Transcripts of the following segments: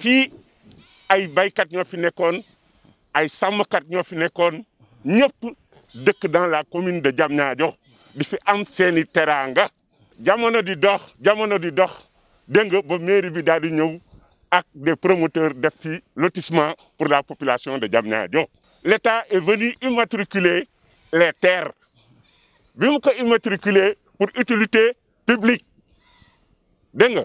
fi ay baykat ñoo fi nekkoon ay sàmmkat ñoo fi nekkoon ñëpp dëkk dans la commune de Diamniadio di fi am seeni teraanga jamono di dox jamono di dox dégg nga ba mairie bi daal di ñëw ak des promoteurs def fi lotissement pour la population de Diamniadio l'État est venu immatriculer les terres bi mu ko immatriculer pour utilité publique dégg nga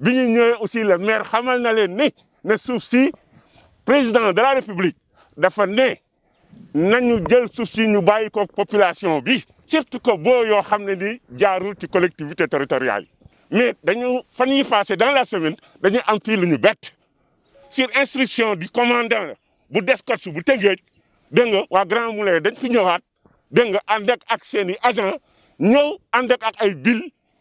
bi ñu aussi le maire xamal na leen ni ne souci président de la république dafa ne nañu jël suuf ñu population bi surtout que boo yoo xam ni jaarul ci collectivité territoriale mais dañu fan passé dans la semaine dañu am fii lu ñu sur instruction du commandant bu DSCOS bu Tëngéej dégg nga waa Grand Moulin dañ fi ñëwaat dégg nga ànd ak ak agent ñëw ànd ak ay bill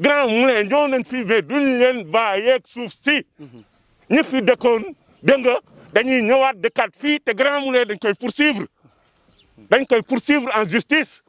Grand Moulin ñoo leen fi mais duñ leen bàyyeeg suuf si ñi fi dëkkoon dégg nga dañuy ñëwaat dëkkaat fii te Grand Moulin dañ koy poursuivre dañ koy poursuivre en justice